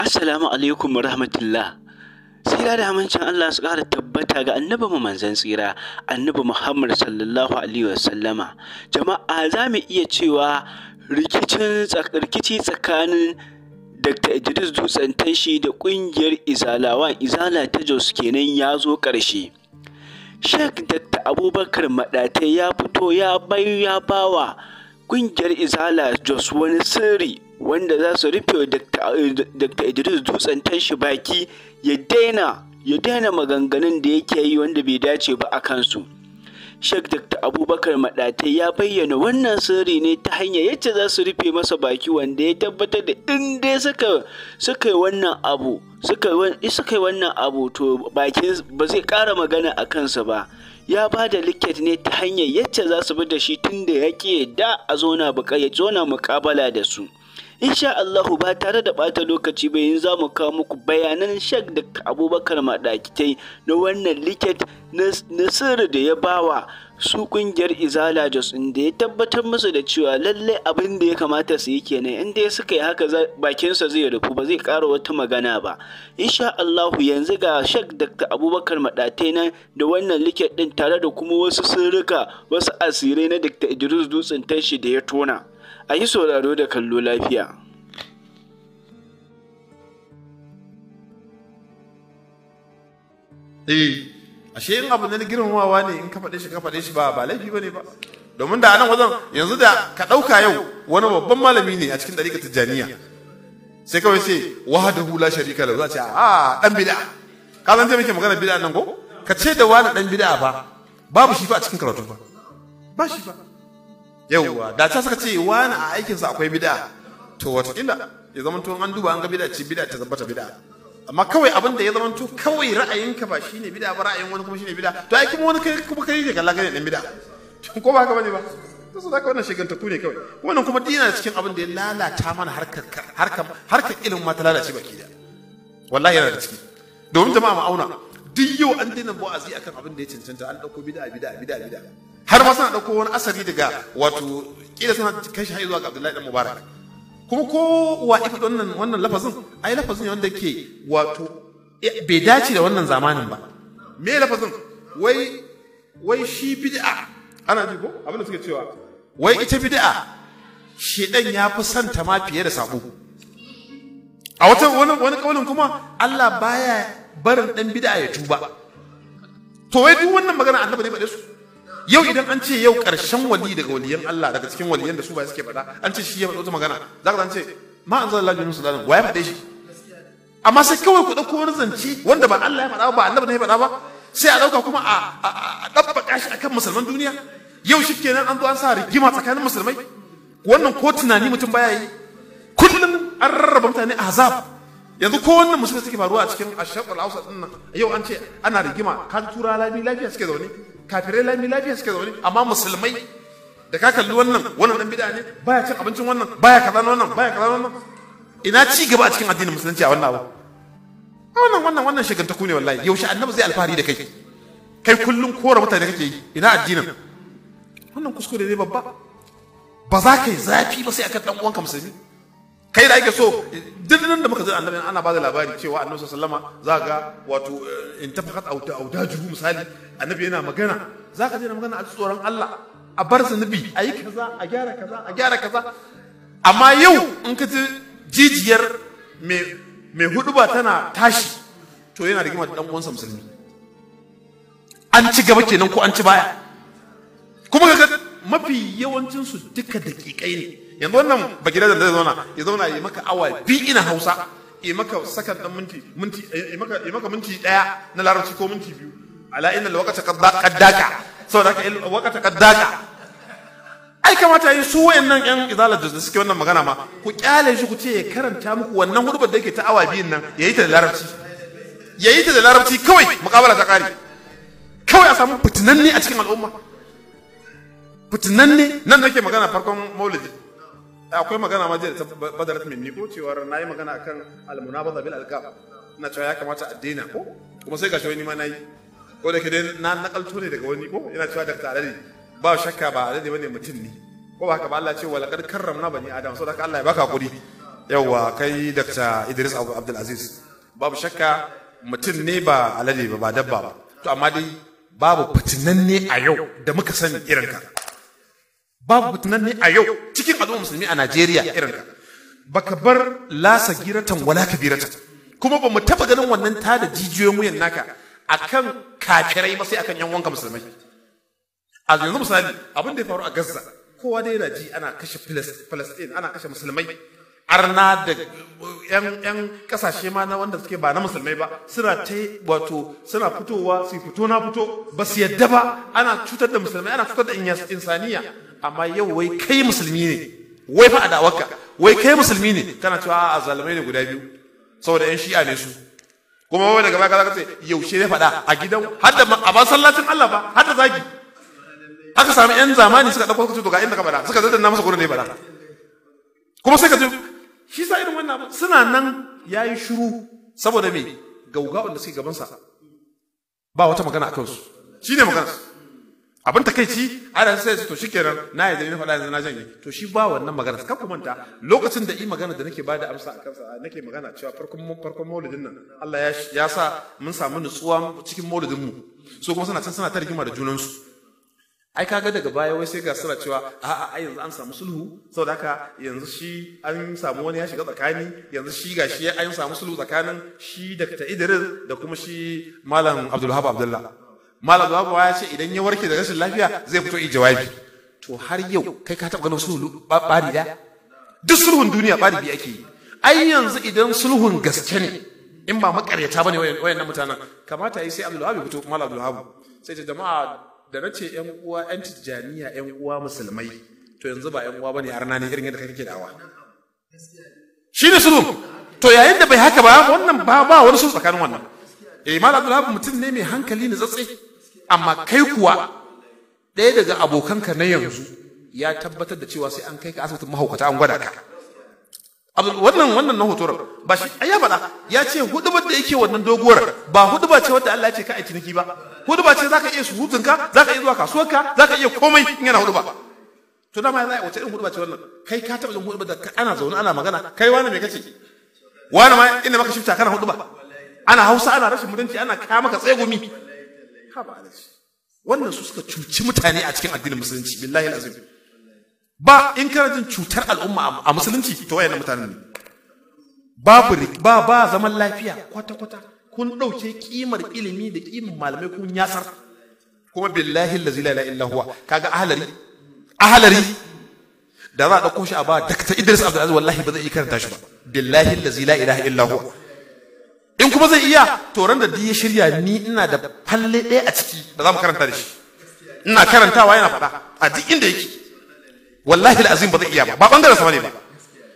Assalamu alaikum rahmatullah. Tsira da amincin Allah su ƙara tabbata ga annabi mu manzan tsira, annabi Muhammad sallallahu alaihi wasallama. Jama'a za mu iya cewa rikici tsakanin Dr. Idris Dutsen Tanshi da ƙungiyar Izalawa Izala ta Jos kenan ya zo ƙarshe. Sheikh Dr. Abubakar Maɗatai ya fito ya bai ya bawa ƙungiyar Izala Jos wani sirri wanda za su rufe Dr. Eh, Idris dutsen tanshi baki ya daina ya daina maganganun da yake yi wanda bai dace ba a kansu. Sheikh Dr. Abubakar Maɗatai ya bayyana wannan sirri ne ta hanyar yadda za su rufe masa baki wanda ya tabbatar da in dai suka suka yi wannan abu suka yi wannan abu to bakin ba zai ƙara magana a kansa ba. Ya ba da liket ne ta hanyar yadda za su bi da shi tun da ya ƙi yadda a zona mukabala da su. insha Allahu ba tare da bata lokaci ba yanzu za mu kawo muku bayanan shek da abubakar maɗakitai na wannan liket na sirri da ya bawa su kungiyar izala jos da ya tabbatar musu da cewa lallai abin da ya kamata su yi kenan inda ya suka yi haka bakinsa zai rufu ba zai ƙara wata magana ba insha Allahu yanzu ga shek da Abubakar Madatai na da wannan liket ɗin tare da kuma wasu sirrika wasu asirai na Dr. Idris Dutsen tashi da ya tona a yi sauraro da kallo lafiya. Eh, ashe yin abu ne na girmamawa ne in ka faɗe shi ka faɗe shi ba ba laifi ba ne ba. Domin da anan wajen yanzu da ka ɗauka yau wani babban malami ne a cikin ɗariƙa tijjaniya. Sai kawai sai wahadahu la sharika lahu za a ce a ɗan bid'a. Ka zan taimake magana bid'a nan ko? Ka ce da wani ɗan bid'a ba. babu shi fa a cikin karatu ba, Ba shi fa. yawwa da ta saka ce wani a aikinsa akwai bid'a to wataƙila ya zama to an duba an ga bid'a ce bid'a ta tabbata bid'a amma kawai abin da ya to kawai ra'ayinka ba shine bid'a ba ra'ayin wani kuma shine bid'a to ai kuma wani kai kuma kai ne kallaka ne dan bid'a ko ba haka bane ba to su zaka wannan shigantaku ne kawai wannan kuma dina cikin abin da ya lalata mana harkar harkar harkar ilimin ma ta lalace baki da wallahi yana da ciki domin jama'a ma auna duk yau an daina bo'azi akan abin da ya cancanta an dauko bid'a bid'a bid'a bid'a har ma suna ɗauko wani asari daga wato ƙila suna kai shi zuwa ga Abdullahi dan Mubarak kuma ko wa ifa wannan wannan lafazin ai lafazin ne wanda ke wato eh, bai dace da wannan zamanin ba me lafazin wai wai shi bid'a ana ji ko abin da suke cewa wai ita bid'a shedan ya fi ta ma fiye da sabo a wata wani wani kaulin kuma Allah baya barin dan bid'a ya tuba to wai duk wannan magana Allah ne ba su yau idan an ce yau ƙarshen wali daga waliyan Allah daga cikin waliyan da su ba suke faɗa an ce shi ya faɗo wata magana za ka ce ma an zala lajin su wa ya faɗe shi amma sai kawai ku ɗauko wani zance wanda ba Allah ya faɗa ba annabi ne ya faɗa ba sai a ɗauka kuma a ɗabbaka shi akan musulman duniya yau shi kenan an zo an sa rigima tsakanin musulmai wannan ko tunani mutum baya yi kullum an rarraba mutane azab yanzu ko wannan musulmi suke faruwa a cikin ashabul ausa din nan yau an ce ana rigima kan tura labi lafiya suke zaune kafirai lami lafiya suke zaune amma musulmai da ka kalli wannan wannan dan bid'a ne baya cin abincin wannan baya kaza wannan baya kaza wannan ina ci gaba a cikin addinin musulunci a wannan abu wannan wannan wannan shagantaku ne wallahi yaushe annabi zai alfahari da kai kai kullum kora mutane kake yi ina addinin wannan kuskure ne babba ba za ka yi zafi ba sai akan dan uwanka musulmi kai da ake so dindin da muka zai annabi ana ba da labari cewa annabi sallama za ga wato eh, in tafakat juhu misali annabi yana magana za ka na magana a tsoron Allah a bar zunubi a yi kaza a gyara kaza a gyara kaza amma yau in ka ji jijiyar mai hudu ba tana tashi to yana rigima da dan uwansa musulmi an ci gaba kenan ko an ci baya kuma ga mafi yawancinsu duka daƙiƙai ne yanzu wannan ba gida da zai zauna ya zauna ya maka awa bi ina hausa ya maka sakan dan minti minti ya maka maka minti daya na larabci ko minti biyu ala inna alwaqta qad daka saboda haka alwaqta qad ai kamata yi su wayannan yan izalar da suke wannan magana ma ku kyale shi ku ce ya karanta muku wannan hudubar da yake ta awa biyun nan yayi ta da larabci yayi ta da larabci kawai muqabala ta kare kawai a samu fitinanne a cikin al'umma fitinanne nan nake magana farkon maulidi akwai magana ma da badarat min ko cewar na yi magana akan almunabaza bil alqab na cewa ya kamata a daina ko kuma sai gashi wani ma na yi ko da ke dai na nakalto ne daga wani ko yana cewa da tare ba shakka ba alade bane mutum ne ko ba haka ba Allah ce wa laqad karramna bani adam saboda haka Allah ya baka hakuri yawa kai Dr. Idris Abdul Aziz babu shakka mutum ne ba alade ba ba dabba ba to amma dai babu ne a yau da muka sani irin ka. babu ne a yau cikin al'umma musulmi a Najeriya irin ka baka bar lasa giratan wala kabirata kuma ba mu taba ganin wannan ta da jijiyoyin wuyan naka akan kafirai ba sai akan yan wanka musulmai a yanzu misali abin da ya faru a Gaza kowa dai yana ji ana kashe Palestine ana kashe musulmai arna da yan kasashe ma na wanda suke ba na musulmai ba suna ta wato suna fitowa su fito na fito ba su yadda ba ana cutar da musulmai ana cutar da insaniya amma yau wai kai musulmi ne wai fa adawarka wai kai musulmi ne kana cewa a zalimai ne guda biyu saboda yan shi'a ne su kuma wai daga baya ka ce yaushe ne faɗa a gidan har da a ba sallacin Allah ba har da zagi aka sami yan zamani suka ɗauko suka ce to ga inda ka faɗa suka na masa gurin ne faɗa kuma sai ka ce shi sa irin wannan suna nan yayi shiru saboda me gauga wanda suke gabansa ba wata magana a kansu shine magana abin takaici, ana sai to shi kenan, na yi na faɗa yanzu na janye to shi ba wannan magana ka ku manta lokacin da i magana da nake da amsa a kansa nake magana cewa farkon farkon maulidin nan Allah ya sa mun samu nutsuwa cikin maulidin mu so kuma suna can suna ta rigima da junansu ai kaga daga baya wai sai ga sura cewa a ai yanzu an samu sulhu saboda haka yanzu shi an samu wani ya shiga tsakani yanzu shi ga shi an samu sulhu tsakanin shi Dr. Idris da kuma shi Malam Abdulhab Abdullah malam zabawa ya ce idan ya warke da rashin lafiya zai fito yi jawabi to har yau kai ka taɓa ganin sulhu ɓari da duk sulhun duniya ɓari biyu ake yi ai yanzu idan sulhun gaske ne in ba makaryata bane wayannan mutanen kamata yi sai ya fito kuma Abdulwahab sai ta jama'a da na ce yan uwa yan tijjaniya yan uwa musulmai to yanzu ba yan uwa bane na ne irin yadda kake dawa shi ne sulhu to yayin da bai haka ba wannan ba ba wani sulhu tsakanin wannan eh mal Abdulwahab mutum ne mai hankali ne tsatsi amma kai kuwa ɗaya daga abokanka na yanzu ya tabbatar da cewa sai an kai ka asibitin mahaukata an gwada ka wannan wannan na hoton ba shi ayya faɗa ya ce hudubar da yake wannan doguwar ba huduba ce wadda Allah ya ce ka aiki niki ba huduba ce zaka iya surutunka zaka iya zuwa kasuwarka zaka iya komai in yana huduba to dama ya zai wace irin huduba ce wannan kai ka taɓa yin hudubar da ana zaune ana magana kai wani me kace wani ma inda maka shifta kana huduba ana hausa ana rashin mutunci ana kama ka tsegumi wannan su suka cuci mutane a cikin addinin musulunci billahi alazim ba in kana jin cutar al'umma a musulunci to wayannan mutanen ne babu ba ba zaman lafiya kwata kwata kun dauke kimar ilimi da kimar malamai kun yasar kuma billahi allazi la ilaha illa huwa kaga ahlari ahlari da za a dauko shi a ba dakta Idris Abdulaziz wallahi ba zai iya karanta shi ba billahi allazi la ilaha illa huwa in kuma zai iya to ran da duk ya shirya ni ina da falle ɗaya a ciki da za mu karanta da shi ina karantawa yana faɗa a duk inda yake wallahi azim ba zai iya ba ba bangaren sa bane ba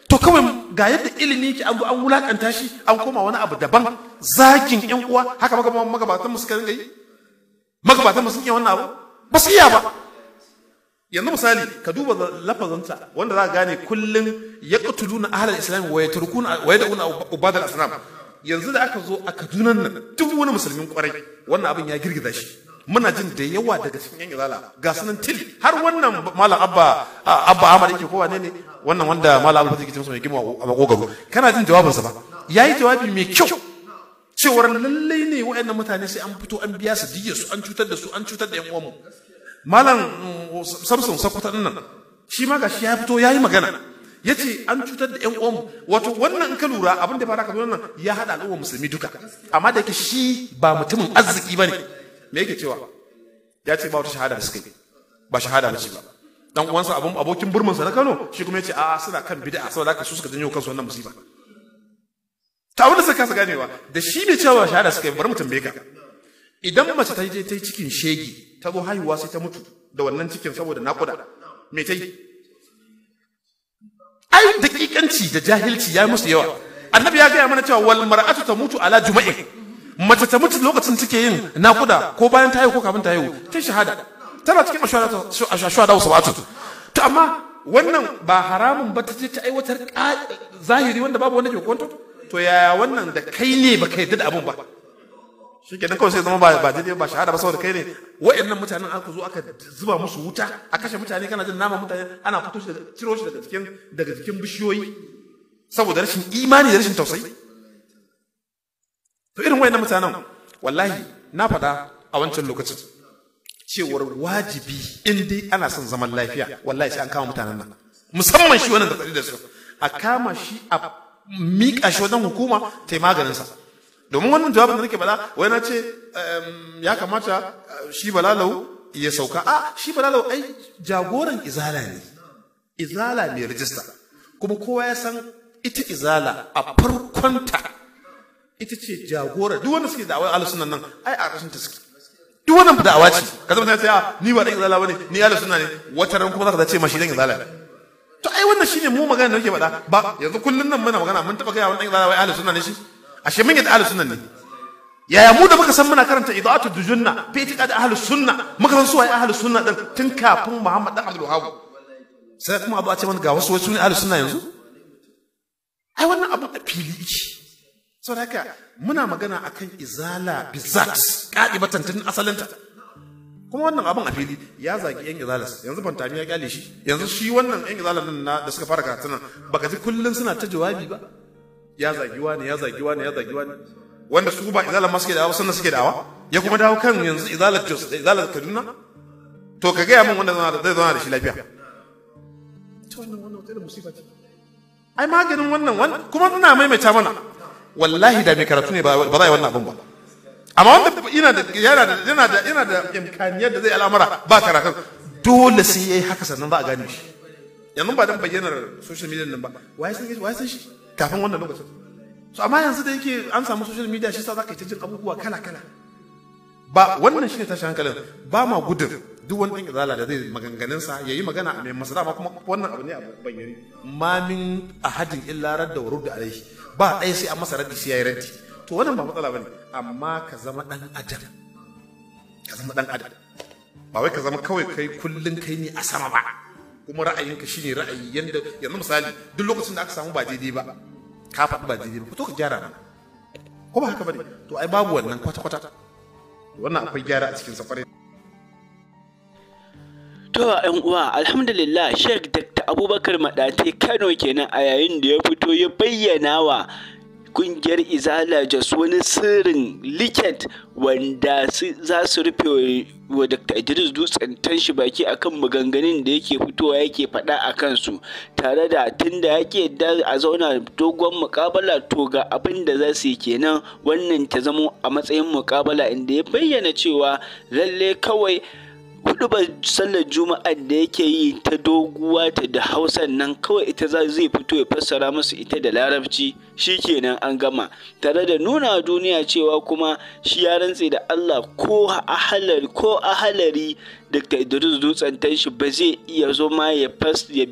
to kawai ga yadda ilimi yake an an wulakanta shi an koma wani abu daban zakin yan uwa haka magabatan mu suka ringa yi magabatan mu suke wannan abu ba su iya ba yanzu misali ka duba lafazanta wanda za ka gane kullum ya na ahlal islam wa yatrukuna wa yad'una ubadar asnam yanzu da aka zo a Kaduna nan duk wani musulmin kwarai wannan abin ya girgiza shi muna jin da yawa daga cikin yan izala ga sunan til har wannan malam abba abba amar yake kowa ne ne wannan wanda malam abba yake cewa mai gima a makogaro kana jin jawabinsa ba yayi jawabi mai kyau cewar lallai ne wa'annan mutane sai an fito an biya su diyya su an cutar da su an cutar da yan uwanmu malam mm, samson sakwata nan shi ma gashi ya fito yayi magana ya ce an cutar da 'yan uwan wato wannan ka lura abin da fara ka nan ya haɗa al'ummar musulmi duka amma da ke shi ba mutumin arziki ba ne me yake cewa ya ce ba wata shahada da suka yi ba shahada ba ce ba dan uwansa abin abokin burmansa na Kano shi kuma ya ce a suna kan bid'a saboda haka su suka janyo kansu wannan musiba ta abin da suka kasa ganewa da shi mai cewa shahada suka yi bar mu tambaye ka idan mace ta je ta yi cikin shegi ta zo haihuwa sai ta mutu da wannan cikin saboda naƙuda me ta yi ai kikanci da jahilci ya musu yawa annabi ya gaya mana cewa wal mar'atu tamutu ala jumai mace ta mutu lokacin take yin nakuda ko bayan ta haihu ko kafin ta haihu ta shahada tana cikin ashwada wasu batu to amma wannan ba haramun ba ta je ta aiwatar zahiri wanda babu wanda ke kwanto to yaya wannan da kai ne ba ka yarda da abun ba shike kenan kawai sai zama ba daidai ba shahada ba saboda kai ne wa'annan mutanen aka zo aka zuba musu wuta a kashe mutane kana jin nama mutane ana fito shi ciro shi daga cikin daga cikin bishiyoyi saboda rashin imani da rashin tausayi to irin wa'annan mutanen wallahi na faɗa a wancan lokacin cewar wajibi in dai ana son zaman lafiya wallahi sai an kama mutanen nan musamman shi wannan da da su a kama shi a miƙa shi wajen hukuma ta yi sa. domin wannan jawabin da nake bada wai na ce ya kamata eh, shi balalau ya sauka a shi balalau ai jagoran izala ne izala mai rajista kuma kowa ya san ita izala a farkonta ita ce jagora duk wanda suke awai alusunan nan ai a ƙarshen ta suke duk da awa ce ka zama sai a ah, ni ba dan izala bane ni ahlus sunna ne wata ran kuma zaka ce mashi dan izala to ai wannan shine mu magana da nake faɗa ba yanzu kullun nan muna magana mun taba kai wani dan izala wai ahlus sunna ne shi ashe mun yadda ahlus sunnah ne yaya mu da muka san muna karanta idatu dujunna fi itiqad ahlus sunnah muka san su waye ahlus sunnah din tun kafin muhammad dan abdul wahab sai kuma abu a ce mana ga wasu wasu ne ahlus sunnah yanzu ai wannan abu a fili yake saboda haka muna magana akan izala bizat batan tun asalinta kuma wannan abin a fili ya zagi yan izalas yanzu fantami ya kyale shi yanzu shi wannan yan izalas nan da suka fara karatu nan baka ji kullun suna ta jawabi ba ya zagi wani ya zagi wani ya zagi wani wanda su ba izalar masu ke dawa sannan suke dawa ya kuma dawo kan yanzu izalar jos da izalar kaduna to ka gaya min wanda zai zauna da shi lafiya ta wannan wannan wata musifa ce ai maganin wannan kuma ina maimaita mana wallahi da mai karatu ne ba za a yi wannan abin ba amma wanda yana da yana da yana da yana da imkaniyar da zai al'amura ba karatun dole sai yayi haka sannan za a gane shi yanzu ba dan bayyanar social media nan ba wai sai wai sai shi kafin wannan lokacin so amma yanzu da yake an samu social media shi sa za ka yi ta abubuwa kala kala ba wannan shine tashin hankalin ba ma gudun duk wani ɗan izala da zai sa ya yi magana a mai masala ma kuma wannan abu ne a bayyane ma min ahadin illa radda wa rudda alaihi ba ɗaya sai a masa raddi sai ya to wannan ba matsala bane amma ka zama ɗan adam ka zama ɗan adam ba wai ka zama kawai kai kullum kai ne a sama ba kuma ra'ayinka shine ra'ayi yanda yanzu misali duk lokacin da aka samu ba daidai ba ka faɗi ba daidai ba to ka gyara ba ko ba haka bane to ai babu wannan kwata kwata wannan akwai gyara a cikin safarai To ‘yan uwa, alhamdulillah Sheikh Dr. Abubakar Madate Kano kenan a yayin da ya fito ya bayyana wa kungiyar izala jos wani sirrin liket wanda za su rufe wa dr idris dutsen tanshi baki akan maganganun da yake fitowa yake faɗa a kansu tare da tunda yake da a zauna dogon mukabala to ga abin da za su yi kenan wannan ta zamo a matsayin mukabala inda ya bayyana cewa lalle kawai kuduba sallar juma'a da yake yi ta doguwa ta da hausan nan kawai ita zai fito ya fassara musu ita da larabci shi kenan an gama tare da nuna duniya cewa kuma shi ya rantse da Allah ko a halari Dr. Idris Dutsen shi ba zai iya zama ya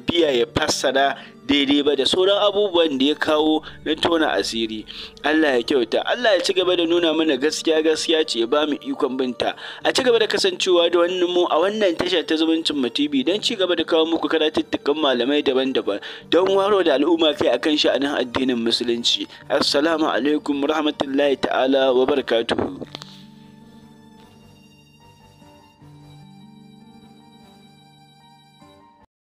biya ya fassara daidai ba da sauran abubuwan da ya kawo na tona asiri Allah ya kyauta Allah ya ci gaba da nuna mana gaskiya gaskiya ce ya mu ikon binta a ci gaba da kasancewa da wannan mu a wannan tasha ta zumuncin mu TV don ci gaba da kawo muku karatuttukan malamai daban-daban don waro da al'umma kai akan sha'anin addinin musulunci assalamu alaikum rahmatullahi ta'ala wa barakatuhu